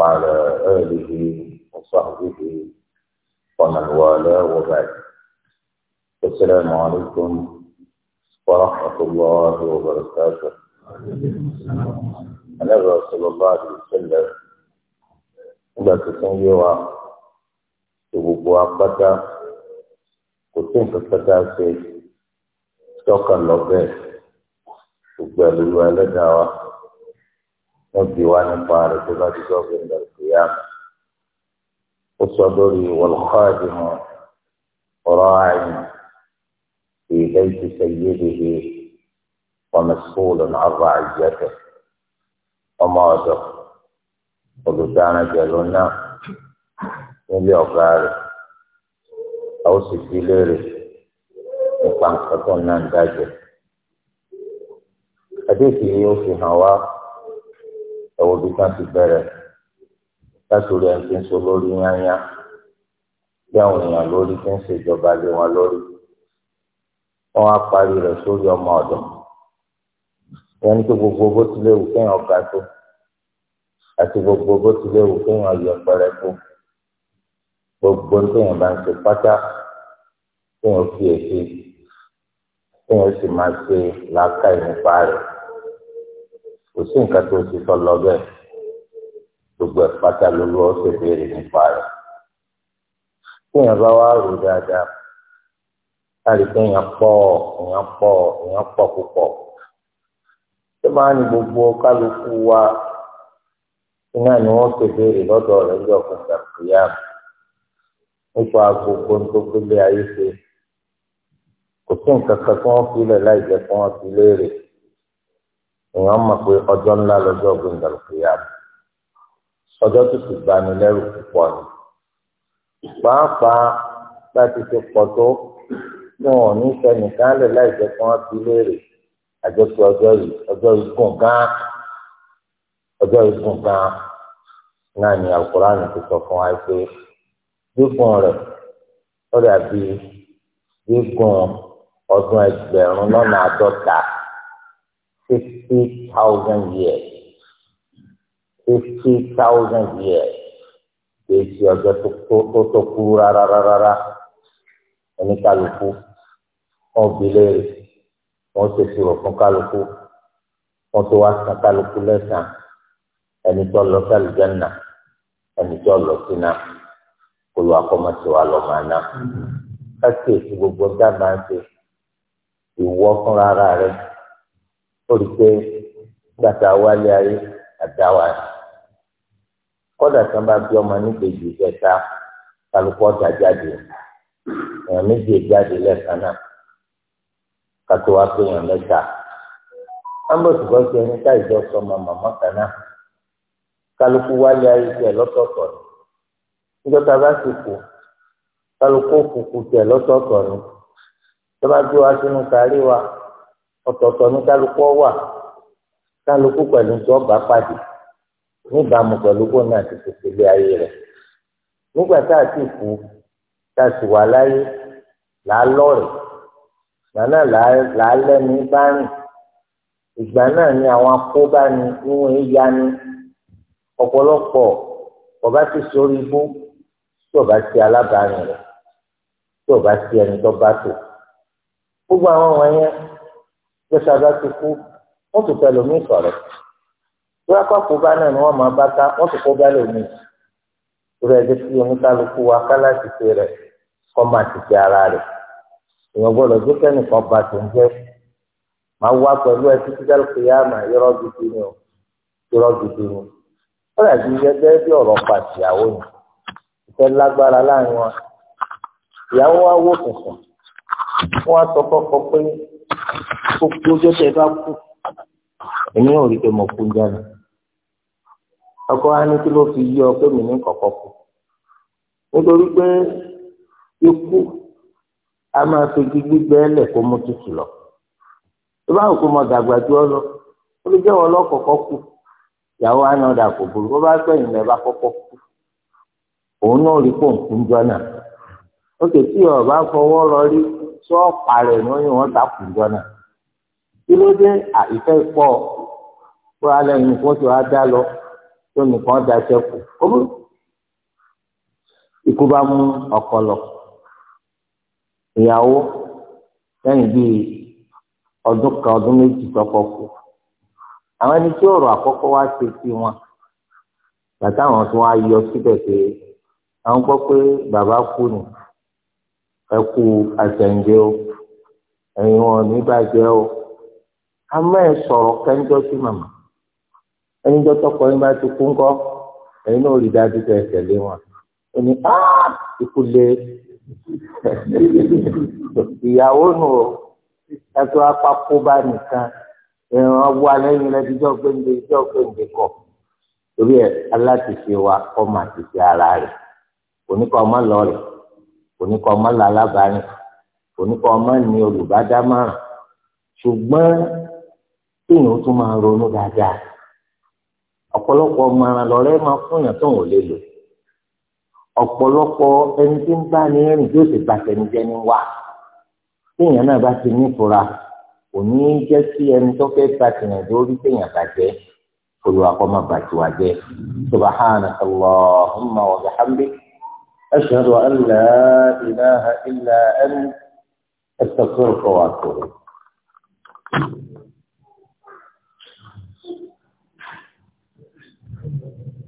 وعلى آله وصحبه ومن والاه وبعد السلام عليكم ورحمة الله وبركاته أنا رسول الله صلى الله عليه وسلم لك سنجوا تبقوا أبدا كتن فتاسي توقع اللغة تبقى للوالدها والديوان الفارس الذي سوف عند القيامة والصدري والخادم راعي في بيت سيده ومسؤول عن رعيته ومازق وقدان جلونا من يوغار أو سجلير من قنقطنا نداجه حديثي يوفي هواه ẹ̀wọ̀n bí ká ti bẹ̀rẹ̀ látòrí ẹni tí ń so lórí yányá bí àwọn èèyàn lórí tí ń ṣèjọba lé wọn lórí wọn á parí rẹ̀ sórí ọmọ ọ̀dọ̀ ìyẹn ní kí gbogbo bó ti léwu kéèyàn ga tó àti gbogbo bó ti léwu kéèyàn yọ pẹrẹ tó gbogbo téèyàn bá ń ṣe pátá kéèyàn fi èsì kéèyàn sì máa ṣe làákàyè nípa rẹ̀ kò sí nǹkan tó ti sọ lọ bẹ́ẹ̀ gbogbo ẹ̀ pátá ló lọ́ ṣe béèrè nípa rẹ̀ téèyàn bá wá rò dáadáa láti téèyàn pọ̀ èèyàn pọ̀ èèyàn pọ̀ púpọ̀ tó bá ní gbogbo kálukú wa iná ni wọ́n ṣe béèrè lọ́dọ̀ rẹ̀ ní ọ̀kùnrin àkùyà nípa gbogbo tó gbélé ayé ṣe kò sí nǹkan kan tí wọ́n fi lẹ̀ láì jẹ́ kí wọ́n fi léèrè èèyàn mọ̀ pé ọjọ́ ńlá lọ́jọ́ gbẹ̀ngàn kìyàmù ọjọ́ tó sì gbani lẹ́rù púpọ̀ ni pàápàá láti ṣe pọ̀ tó wọn ò ní sẹ́nìkan lè láì jẹ́ kí wọ́n ti léèrè àjọpọ̀ ọjọ́ yìí ọjọ́ igun gan-an ọjọ́ igun gan-an náà ni àkùránì ti sọ fún wa pé gígùn rẹ̀ ó dàbí gígùn ọdún ẹgbẹ̀rún lọ́nà àádọ́ta. 50,000 years. 50,000 years. Èsì ọjọ́ tó tó kúrú rárá rárá oníkálukú wọn bí léèrè wọn ṣe sùrọ̀ fún kálukú wọn tó wá san kálukú lẹ́sàn ẹni tó lọ sí àlùjánnà ẹni tó lọ sí náà olú akọ́mọ̀tì wa lọ màá náà. ká sì èsì gbogbo dábàá ṣe ìwọ fúnra rẹ̀ ó rí i pé gbàtà wálé ayé àdáwà kọ́dà tí wọ́n bá bí ọmọ nígbèjì ìjẹta kálukú ọ̀dà jáde èèyàn méjì jáde lẹ́ẹ̀kan náà kátó wá pé èèyàn mẹ́ta ambos gbọ́ sí ẹni tá ìjọ sọmọ màmá kan náà kálukú wálé ayé tiẹ̀ lọ́tọ̀ọ̀tọ̀ ni níjọba bá sì kú kálukú òkùnkùn tiẹ̀ lọ́tọ̀ọ̀tọ̀ ni tó bá gbé sínú kárí wa ọ̀tọ̀ọ̀tọ̀ ní kálukú wà kálukú pẹ̀lú tí ọba pàdé níbàámu pẹ̀lú kó náà ti tètè lé ayé rẹ̀ nígbà tá a ti kú tá a sì wà láyé là á lọ́rẹ̀ nànà là á lẹ́nu bá ìgbà náà ni àwọn akóbáni níwọ̀n ẹ̀yà ni ọ̀pọ̀lọpọ̀ ọba ti sórí ibú tí ọba ti alábàárìn rẹ̀ tí ọba ti ẹni tó bá tò gbogbo àwọn wọ̀nyẹn gbèsè àgbà ti kú wọ́n tún fẹ́ lómi sọ̀rọ̀ bóyá kọ́kọ́ bá náà ni wọ́n máa bá ká wọ́n tún kó bá lómi rẹ̀ jẹ́ kí oníkálukú wa ká láti ṣe rẹ̀ kọ́ máa ti ṣe ara rẹ̀ èèyàn gbọ́dọ̀ gbé kẹ́nìkan bá tó ń jẹ́ máa wá pẹ̀lú ẹ títí dálùkù yá àmà irọ́ gidi ni o irọ́ gidi ni ó rẹ̀ bí gẹ́gẹ́ bí ọ̀rọ̀ pàṣẹwó ni ìfẹ́ lágbára láàrin wọn ìyàwó wa wò tuntun wọ́n sọ kọ́kọ́ pé gbogbo ọjọ́ tẹ bá kú èmi ò rí pé mo kú jáde ọkọ wa ní kí ló fi yí ọ pé mi ní kọ̀kọ́ kú nítorí pé ikú a máa fi gbígbé ẹlẹ̀ kó mú tutù lọ tó bá òkú mọ dàgbà ju ọ lọ ó lè jẹ́ wọn lọ́kọ̀ọ́kọ́ kú ìyàwó àná ọ̀dà kò burú bó bá gbẹ̀yìn lẹ́ bá kọ́kọ́ kú òun náà rí pòǹkú jọ náà ó kè tí ọ̀bá fọwọ́ lọ rí tí wọ́n parẹ́ ní wọ́n yóò wọ́n ta kù jọ́nà kí ló dé àìfẹ́ pọ̀ wọ́n alẹ́ nìkan tí wọ́n á dá lọ tó nìkan da sẹ́kù kóbó ikú bá mú ọkọ lọ ìyàwó lẹ́yìn bíi ọdún kan ọdún méjì tọkọ kù àwọn ẹni tí ọ̀rọ̀ àkọ́kọ́ wá ṣe sí wọn bàtà àwọn tí wọ́n á yọ síbẹ̀ pé àwọn gbọ́ pé bàbá kú nù ẹkú àtẹ̀ǹdé o ẹ̀yin wọn ní bàjẹ́ o àmọ́ ẹ sọ̀rọ̀ kẹ́ńjọ́ sí màmá ẹ̀yin jọ tọkọ yín bá ti kú ńkọ́ ẹ̀yin náà rí dájú pé ẹ tẹ̀lé wọn ó ní ah, ikú lé ìyàwó nù o ẹ̀tọ́ apákóbá nìkan ìran wa lẹ́yìn lẹ́tijọ́ gbẹ̀ǹdé ìjọ́ gbẹ̀ǹdé kọ̀ torí ẹ̀ aláṣẹṣe wa ọmọ àṣẹṣe ara rẹ̀ oníkọ̀ ọmọ lọ́ọ̀rẹ̀. oníkọ́ ọmọ là alábàárìn oníkọ́ ọmọ ní olùbádámọ̀ràn ṣùgbọ́n èèyàn tún máa ronú dáadáa ọ̀pọ̀lọpọ̀ ọmọràn lọ́rẹ́ máa fún èèyàn tó ń lò ọ̀pọ̀lọpọ̀ ẹni tí ń bá ní ẹrìn yóò bá wá náà bá ti nífura ẹni tó bá lórí téèyàn máa أشهد أن لا إله إلا أنت استغفرك واتوب إليك